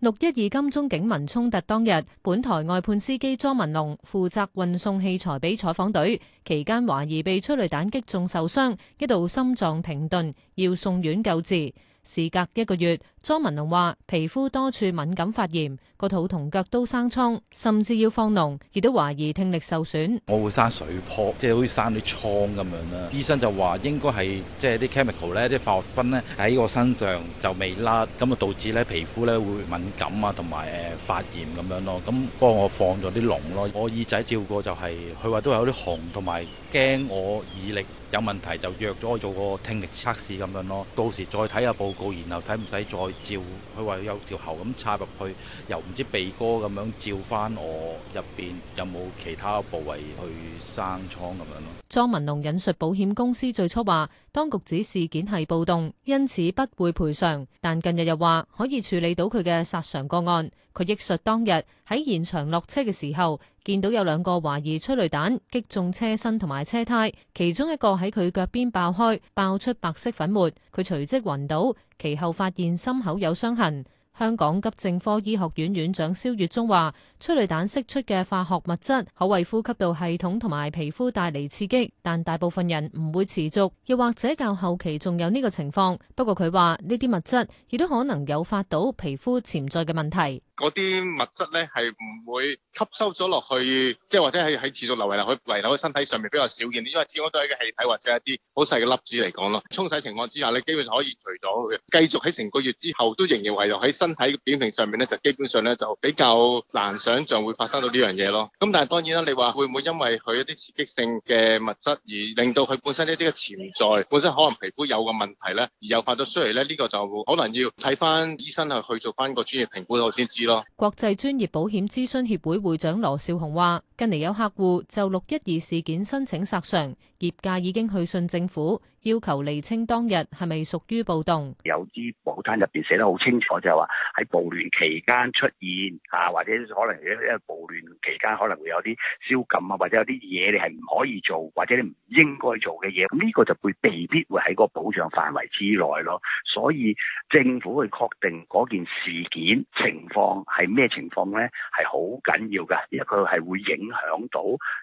六一二金鐘警民衝突當日，本台外判司機莊文龍負責運送器材畀採訪隊，期間懷疑被催淚彈擊中受傷，一度心臟停頓，要送院救治。事隔一個月，莊文龍話：皮膚多處敏感發炎，個肚同腳都生瘡，甚至要放膿，亦都懷疑聽力受損。我會生水泡，即係好似生啲瘡咁樣啦。醫生就話應該係即係啲 chemical 咧，啲化學粉咧喺我身上就未甩，咁啊導致咧皮膚咧會敏感啊，同埋誒發炎咁樣咯。咁幫我放咗啲膿咯。我耳仔照過就係、是，佢話都有啲紅，同埋驚我耳力。有問題就約咗做個聽力測試咁樣咯，到時再睇下報告，然後睇唔使再照。佢話有條喉咁插入去，又唔知鼻哥咁樣照翻我入邊有冇其他部位去生瘡咁樣咯。莊文龍引述保險公司最初話，當局指事件係暴動，因此不會賠償。但近日又話可以處理到佢嘅殺傷個案。佢憶述當日喺現場落車嘅時候。見到有兩個懷疑催淚彈擊中車身同埋車胎，其中一個喺佢腳邊爆開，爆出白色粉末，佢隨即暈倒，其後發現心口有傷痕。香港急症科醫學院院長肖月忠話，催淚彈釋出嘅化學物質可為呼吸道系統同埋皮膚帶嚟刺激，但大部分人唔會持續，又或者較後期仲有呢個情況。不過佢話呢啲物質亦都可能誘發到皮膚潛在嘅問題。嗰啲物質咧係唔會吸收咗落去，即係或者係喺持續流遺落去遺留喺身體上面比較少見，因為始終都係嘅氣體或者一啲好細嘅粒子嚟講咯。沖洗情況之下，你基本上可以除咗，繼續喺成個月之後都仍然遺留喺身。喺個扁平上面咧，就基本上咧就比較難想像會發生到呢樣嘢咯。咁但係當然啦，你話會唔會因為佢一啲刺激性嘅物質而令到佢本身呢啲嘅潛在，本身可能皮膚有個問題咧，而又發咗出嚟咧？呢個就可能要睇翻醫生去去做翻個專業評估，我先知咯。國際專業保險諮詢協會會長羅少雄話，近嚟有客戶就六一二事件申請索償，業界已經去信政府。要求厘清當日係咪屬於暴動？有啲保單入邊寫得好清楚，就係話喺暴亂期間出現啊，或者可能一暴亂期間可能會有啲宵禁啊，或者有啲嘢你係唔可以做，或者你唔應該做嘅嘢，咁呢個就會未必會喺個保障範圍之內咯。所以政府去確定嗰件事件情況係咩情況咧，係好緊要嘅，因為佢係會影響到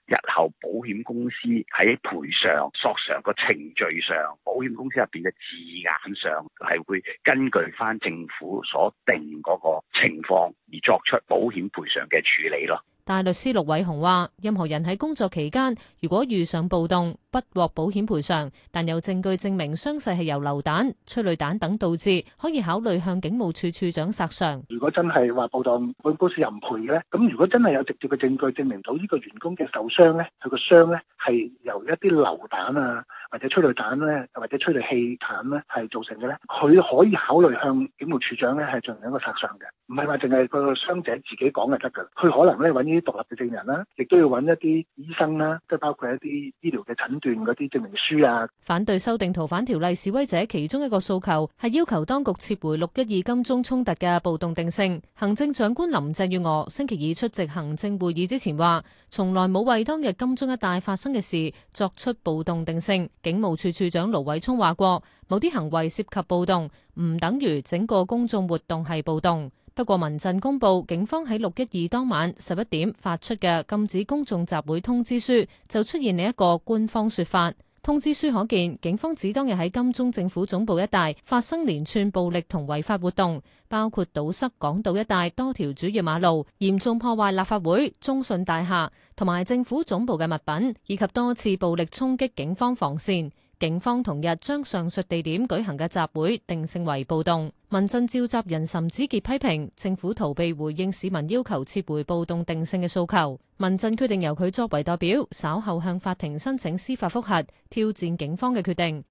日後保險公司喺賠償索償個程序。上保險公司入邊嘅字眼上係會根據翻政府所定嗰個情況而作出保險賠償嘅處理咯。大律師陸偉雄話，任何人喺工作期間，如果遇上暴動不獲保險賠償，但有證據證明傷勢係由流彈催淚彈等導致，可以考慮向警務處處長索償。如果真係話暴動，保險公司又唔賠嘅咧，咁如果真係有直接嘅證據證明到呢個員工嘅受傷咧，佢個傷咧係由一啲流彈啊～或者催淚彈呢，或者催淚氣彈呢，係造成嘅呢。佢可以考慮向警務處長呢，係進行一個索償嘅。唔係話淨係個傷者自己講就得㗎，佢可能呢，搵呢啲獨立嘅證人啦，亦都要揾一啲醫生啦，即包括一啲醫療嘅診斷嗰啲證明書啊。反對修訂逃犯條例示威者其中一個訴求係要求當局撤回六一二金鐘衝突嘅暴動定性。行政長官林鄭月娥星期二出席行政會議之前話，從來冇為當日金鐘一帶發生嘅事作出暴動定性。警務處處長盧偉聰話過，某啲行為涉及暴動，唔等於整個公眾活動係暴動。不過，民陣公佈警方喺六一二當晚十一點發出嘅禁止公眾集會通知書，就出現呢一個官方說法。通知書可見，警方指當日喺金鐘政府總部一帶發生連串暴力同違法活動，包括堵塞港島一帶多條主要馬路，嚴重破壞立法會、中信大廈同埋政府總部嘅物品，以及多次暴力衝擊警方防線。警方同日將上述地點舉行嘅集會定性為暴動。民陣召集人岑子杰批評政府逃避回應市民要求撤回暴動定性嘅訴求。民陣決定由佢作為代表，稍後向法庭申請司法複核，挑戰警方嘅決定。